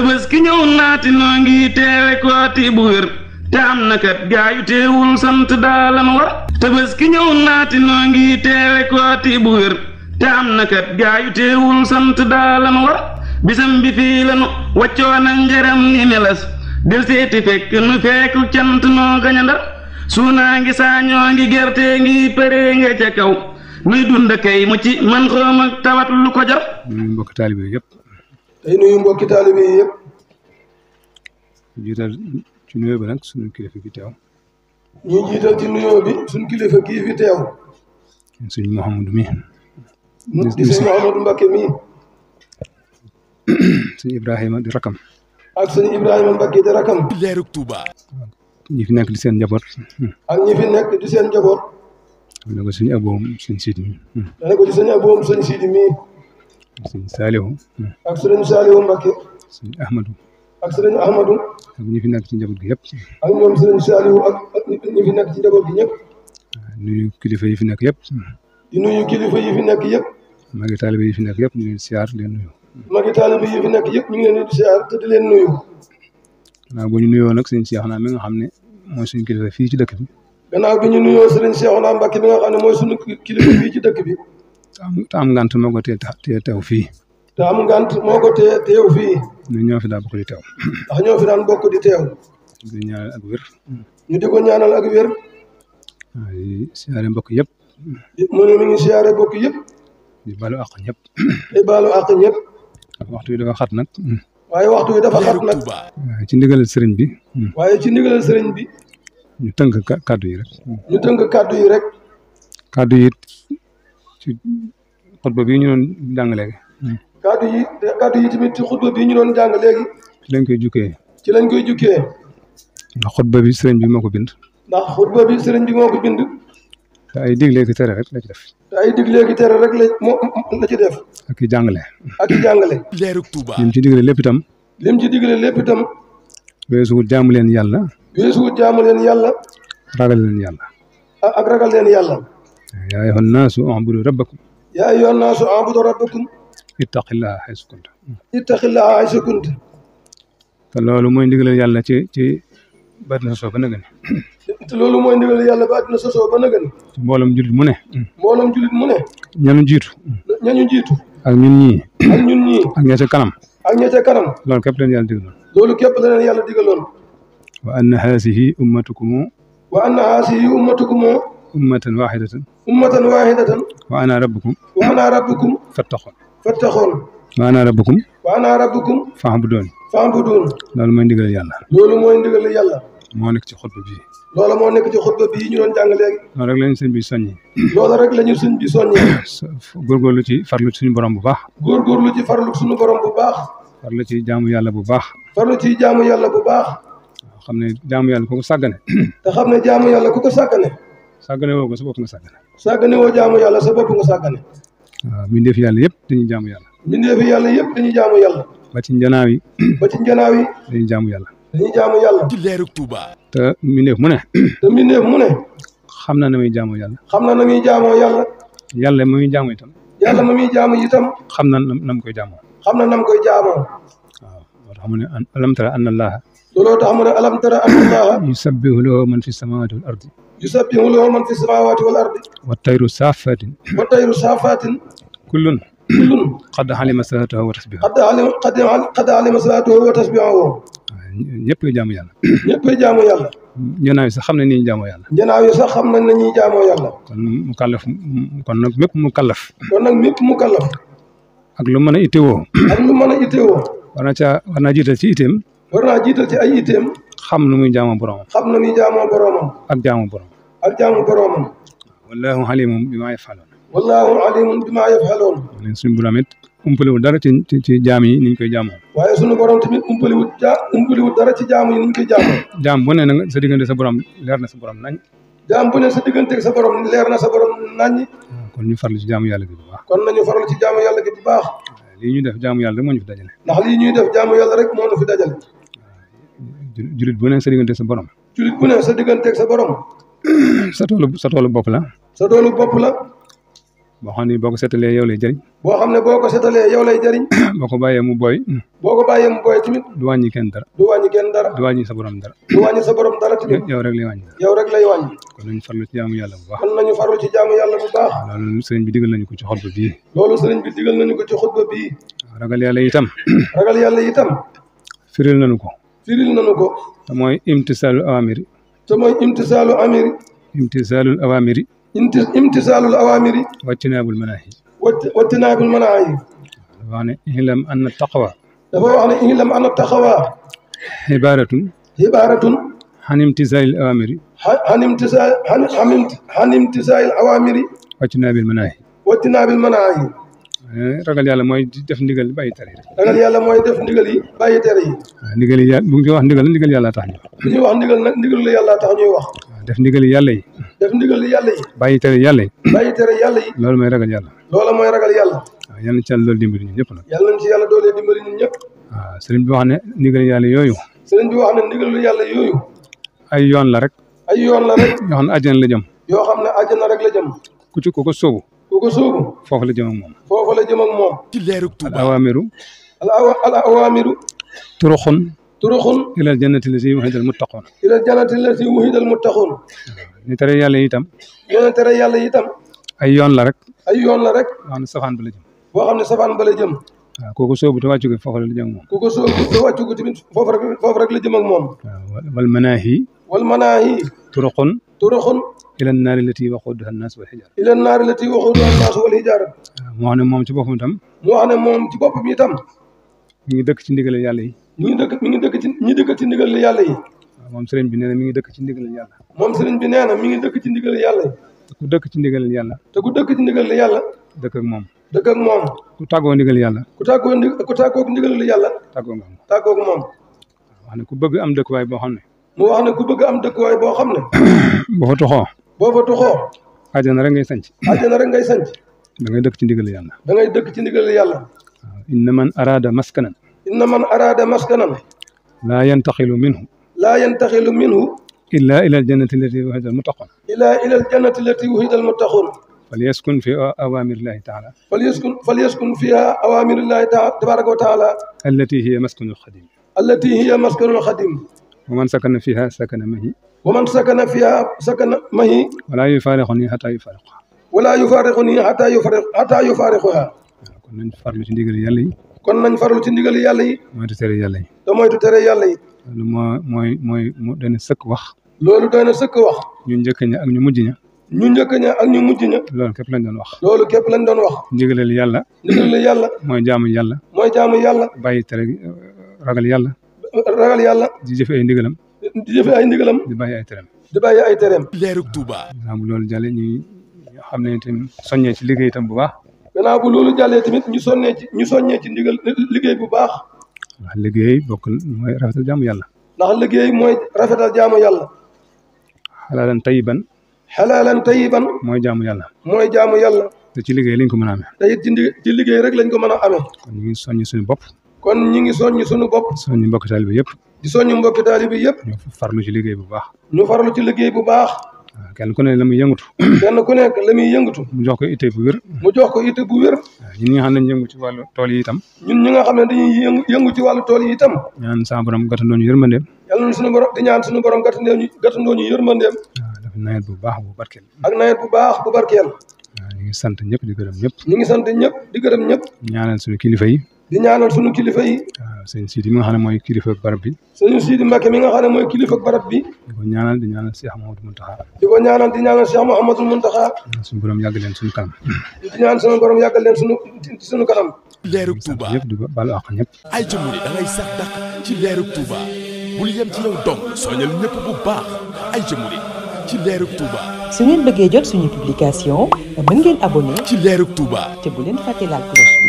tëbës ki ñëw naati noo ngi teewe kooti bu wér te am na kat gaayu sant daalan war tëbës ki ñëw naati noo ngi teewe kooti bu wér te am na kat gaayu sant daalan war bisam bi fii lanu waccoona njaram ni melas del seeti fekk nu feeku cant noo gaña ndar suunaa ngi saañoo ngi gerte ngi përee nga ca kaw nuy dund kay mu ci man xoom ak tawat lu ko jar tey nuyu mbokki taalibe yi yëpp. jiital ci nuyoo bi nag sunu kilifa gi teew. ñu jiital ci nuyoo bi sunu kilifa kii fi teew. sëñ Mouhamadou mi. di sëñ Mouhamadou Mbacke mi. sëñ Ibrahima di rakam. ak sëñ Ibrahima Mbacke di rakam. leerug Touba. ñi fi nekk di seen njaboot. ak ñi fi nekk di seen njaboot. dana ko sëñ aboom sëñ siidi mi. dana ko ci sëñ aboom sëñ siidi mi. sëñ Saalihu. ak sëriñ Saalihu Mbakke. sëñ Ahmadu. ak sëriñ Ahmadu. ak ñi fi nekk ci njaboot gi yëpp. ak ñoom sëriñ Saalihu ak ak ñi fi nekk ci njaboot gi ñëpp. nuyu kilifa yi fi nekk yëpp. di nuyu kilifa yi fi nekk yëpp. magi taalibe yi fi nekk yëpp ñu ngi leen siyaar di leen nuyu. magi taalibe yi fi nekk yëpp ñu ngi leen di siyaar te di leen nuyu. gannaaw bu ñu nuyoo nag sëriñ Seexuna mi nga xam ne mooy suñu kilifa fii ci dëkk bi. gannaaw bi ñu nuyoo sëriñ Seexuna Mbakke mi nga xam ne mooy suñu kilifa fii ci dëkk bi. te am ngant moo ko tee teew fii. te am moo ko tee teew fii. ñun ñoo fi daan bokk di teew. ndax ñoo fi daan bokk di teew. ñu di ñaanal ak wér. ñu di ko ñaanal ak wér. waaw di siyaare mbokk yëpp. mu ne mi ngi siyaare mbokk yëpp. di baalu àq ñëpp. di baalu waxtu wi dafa xat nag. waaye waxtu wi dafa xat nag. waaye ci ndigalal sëriñ bi. waaye ci ndigalal bi. ñu tënk kàddu yi rek. ñu tënk kàddu yi rek. kàddu ci xutba bii ñu doon jàng léegi. kaddu yi kaddu yi tamit ci xutba bii ñu doon jàng léegi. ci lañ koy jukkee. ci lañ koy jukkee. ndax xutba bi sëriñ bi moo ko bind. ndax xutba bi sëriñ bi moo ko bind. te ay digle ki tere rek la ci def. te ay digle ki tere rek la moo la ci def. ak i jàngale. ak i jàngale. leerug Tuuba. lim ci digle lépp itam. lim ci digle lépp itam. weesuwul jaamu leen yàlla. weesuwul jaamu leen yàlla. ragal leen yàlla. ak ragal leen yàlla. يا أيها الناس اعبدوا ربكم يا أيها الناس اعبدوا ربكم ittaq illaaha haysu kunta ittaq illaaha te loolu mooy ndigalal yàlla ci ci ba àddina sosoo ba nëgën te loolu mooy ndigalal yàlla ba àddina sosoo ba julit mu ne julit mu ñañu jiitu ñañu jiitu ak ñun ñii ak ñun ñii ak ña ca kanam ak ña ca kanam loolu képp leen yàlla digaloon loolu képp la leen wa anna haasihi ummatukumu wa anna haasihi ummatukumu ummatan waahidatan ummatan waahidatan wa ana rabbukum wa ana rabbukum fattaxoon fattaxoon wa ana rabbukum wa ana rabbukum fa'budun fa'budun loolu mooy ndigal yàlla loolu mooy ndigal yàlla moo nekk ci xutba bii loola moo nekk ci xutba bii ñu doon jàng léegi loolu rek lañu sëñ bi soññi loola rek lañu sëñ bi soññi góorgóorlu ci farlu ci suñu borom bu baax góorgóorlu ci farlu suñu borom bu baax farlu ci jaamu yàlla bu baax farlu ci jaamu yàlla bu baax xam ne jaamu yàlla ku ko sàggane te xam ne jaamu yàlla ku ko sàggane sàggane woo ko sa bopp nga sàggane sàggane woo jaamu yàlla sa bopp nga sàggane waaw mbindeefi yàlla yëpp dañuy jaamu yàlla mbindeefi yàlla yëpp dañuy jaamu yàlla ba ci njanaaw yi ba ci njanaaw yi dañuy jaamu yàlla dañuy jaamu yàlla ci leerug Tuuba te mbindeef mu ne te mbindeef mu ne xam na na muy jaamoo yàlla xam na na muy jaamoo yàlla yàlla ma muy jaamu itam yàlla ma muy jaamu itam xam na nam koy jaamoo xam na nam koy jaamoo waaw moo tax mu ne alam tara anna allaha looloo tax mu ne alam tara anna allaha yusabbihu lahu man fi samawati wal ardi yusabbihu lahu man fi samawati wal ardi wa tayru saafatin wa tayru saafatin kullun qad alima salaatahu wa tasbihahu qad qad alima salaatahu wa tasbihahu ñëpp ay jaamu yàlla ñëpp ay jaamu yàlla ñanaaw yi sax xam nañ ni ñuy jaamoo yàlla ñanaaw yi sax xam nañ ne ñuy jaamoo yàlla kon mu kallaf kon nag mépp mu kallaf kon nag mépp mu kallaf ak lu mën a ittewoo ak lu mën a ittewoo war na caa war naa jiital ci itteem war naa jiital ci ay itteem. xam nu muy jaamoo boromam. xam nu muy jaamoo boromam. ak jaamu boromam. ak jaamu boromam. wallaahu alimun bimaa yafaloon. wallaahu alimun bimaa yafaloon. ne suñu borom it umpaliwul dara ci ci ci jaam yi ni ñu koy jaamoo. waaye suñu borom tamit umpaliwul ja umpaliwul dara ci jaam yi ni ñu koy jaamoo. jaam bu ne na nga sa diggante sa borom leer na sa borom nañ. jaam bu ne sa diggante sa borom leer na sa borom nañ. Ah, kon ñu farlu ci jaamu yàlla bi bu baax. kon nañu farlu ci jaamu yàlla bi bu baax. lii ñuy def jaamu yàlla rek moo ñu fi dajale. ndax lii ñuy def jaamu yàlla rek moo ñu fi dajale. julit bu ne sa diggante sa borom julit bu ne sa diggante sa borom sa tolu sa tolu bop la sa tolu bop la bo xam boko boo yow lay jëriñ bo xam boko boo yow lay jëriñ boko ko mu boy boko ko mu boy timit du wañi kenn dara du wañi kenn dara du wañi sa borom dara du wañi sa borom dara timit yow rek lay wañi yow rek lay wañi kon nañu farlu ci jaamu yalla bu baax kon nañu farlu ci jaamu yalla bu baax lolu sëriñ bi digal nañu ko ci xutba bi lolu sëriñ bi digal nañu ko ci xutba bi ragal yalla itam ragal yalla itam firil nañu ko firil nanu ko te mooy imtisaalul awamiri te mooy imtisaalul amiri imtisaalul awamiri imtisaalul awamiri wattinaabul manaahi wattinaabul manaahi dafa wax ne ihlam anna taqwa dafa wax ne ihlam anna taqwa ibaaratun ibaaratun عن امتثال الأوامر عن امتثال عن امتثال الأوامر واجتناب المناهي واجتناب المناهي Eh, ragal yàlla mooy def ndigal bàyyi tere yi. ragal yàlla mooy def ndigal yi bàyyi tere yi. waaw ah, ndigal yi bu ñu wax yàlla tax ñu. bu ñuy wax ndigal nag yàlla tax ñuy wax. Ah, def ndigal yàlla yi. ba ndigal yàlla yi. bàyyi yi. loolu mooy ragal yàlla. loolu mooy ragal yàlla. waaw ah, yal loolu dimbali ñëpp nag. yàlla yàlla doole dimbali ñun ñëpp. ne ndigal yàlla yooyu. sëriñ bi wax ne ndigal yàlla yooyu. ay yoon la rek. yoon la rek. yoo xam ne àjjana la jëm. yoo xam rek la jëm. ko ko ku ko soobu foofu la jëm ak moom foofu la jëm ak moom ci leerug Tuuba al awaamiru al awaamiru turuxun turuxun ilal jannati lati muhidal muttaqoon ilal jannati lati muhidal muttaqoon ñu tere yàlla itam ñu tere yàlla itam ay yoon la rek ay yoon la rek boo xam ne safaan ba la jëm boo xam ne safaan ba la jëm waaw kooku soobu te wàccu gi foofu la jëm ak moom kooku soobu te wàccu gi tamit foofu rek foofu rek la jëm ak moom waaw wal manaahi wal manaahi turuxun turuxun ila naari lati waquduha annaas wal hijaara ila naari lati waquduha annaas wal hijaara mu wax ne moom ci boppam itam mu wax ne moom ci boppam itam mi ngi dëkk ci ndigal yàlla yi mi ngi dëkk mi ngi dëkk ci ñi dëkk ci ndigal yàlla yi moom sëriñ bi nee na mi ngi dëkk ci ndigal yàlla moom sëriñ bi nee na mi ngi dëkk ci ndigal yàlla yi ku dëkk ci ndigal yàlla te ku dëkk ci ndigal yàlla dëkk ak moom dëkk ak moom ku tàggoo ndigal yàlla ku tàggoo ndi ku tàggoo ndigal yàlla tàggoo nga moom tàggoo ak moom wax ne ku bëgg am dëkkuwaay boo xam ne mu wax ne ku bëgg am dëkkuwaay boo xam ne boo fa toxoo لا ينتقل منه لا ينتقل منه الا الى الجنه التي وهد المتقون الى الى الجنه التي وهد المتقون فليسكن في اوامر الله تعالى فليسكن فليسكن فيها اوامر الله تبارك وتعالى التي هي مسكن الخديم التي هي مسكن الخديم ومن سكن فيها سكن مهي wa man sakana fiha sakana mahi wala yufaariquni xataa yufaariqu wala yufaariquni xataa yufari xataa yufaariquha kon nañ farlu ci ndigal yàlla yi kon nañ farlu ci ndigal yàlla yi moytu tere yàlla yi te moytu tere yàlla yi loolu moo mooy mooy mu dana sëkk wax loolu dana sëkk wax ñu njëkk ña ak ñu mujj ña ñu njëkk ña ak ñu mujj ña loolu képp lañ doon wax loolu képp lañ doon wax ndigalal yàlla ndigalal yàlla mooy jaamu yàlla mooy jaamu yàlla bàyyi tere ragal yàlla ragal yàlla di jëfe ay ndigalam di jëfe ay ndigalam. di bàyyi ay tereem. di bàyyi ay tereem. leerug Touba. gannaaw bu loolu jàllee ñu xam ne itam soññee ci liggéey itam bu baax. gannaaw bu loolu jàllee tamit ñu soññee ci ñu soññee ci ndigal liggéey bu baax. ndax liggéey bokk mooy rafetal jaamu yàlla. ndax liggéey mooy rafetal jaamu yàlla. xalaalan tayiban. xalaalan tayiban. mooy jaamu yàlla. mooy jaamu yàlla. te ci liggéey lañ ko mën a amee. te it ci liggéey rek lañ ko mën a amee. kon ñu ngi soññ suñu bopp. kon ñu ngi soññ suñu bopp. soññ mbokk taalibe yëpp. di soññu mbokki taalibe yi yëpp. ñu farlu ci liggéey bu baax. ñu farlu ci liggéey bu baax. kenn ku ne la yëngatu. kenn ku nekk la muy yëngatu. mu jox ko itte bu wér. mu jox ko itte bu wér. ñun ñi xam ne yëngu ci wàllu tool yi itam. ñun ñi nga xam ne dañuy yëngu yëngu ci wàllu tool yi itam. ñaan sama borom gàttandoo ñu yërmandeem. yàlla na suñu borom di ñaan suñu borom gàttandoo ñu gàttandoo ñu yërmandeem. waaw dafa nawet bu baax bu barkeel. ak nawet bu baax bu barkeel. waaw ngi sant ñëpp di gërëm ñëpp. ñu ngi sant ñëpp di gërëm ñëpp. ñaanal suñu kilifa yi di ñaanal sunu kilifa yi ah, sëñ Sidi mi nga xam kilifa barab bi sëñ Sidi mbake mi nga xam moy kilifa barab bi di ko ñaanal di ñaanal Cheikh Mouhamadou muntaha di ko ñaanal di ñaanal Cheikh Mouhamadou muntaha suñu borom yagal leen suñu kanam di ñaan suñu borom yagal leen suñu suñu kanam leeru Touba ñep di balu ak ñep ay jëmu da ngay sax dak ci leeru Touba li yem ci yow dom soñal ñep bu baax ay jëmu ci leeru Touba su ngeen bëggee jot suñu publication mën ngeen abonné ci leerug Touba te bu leen faté la cloche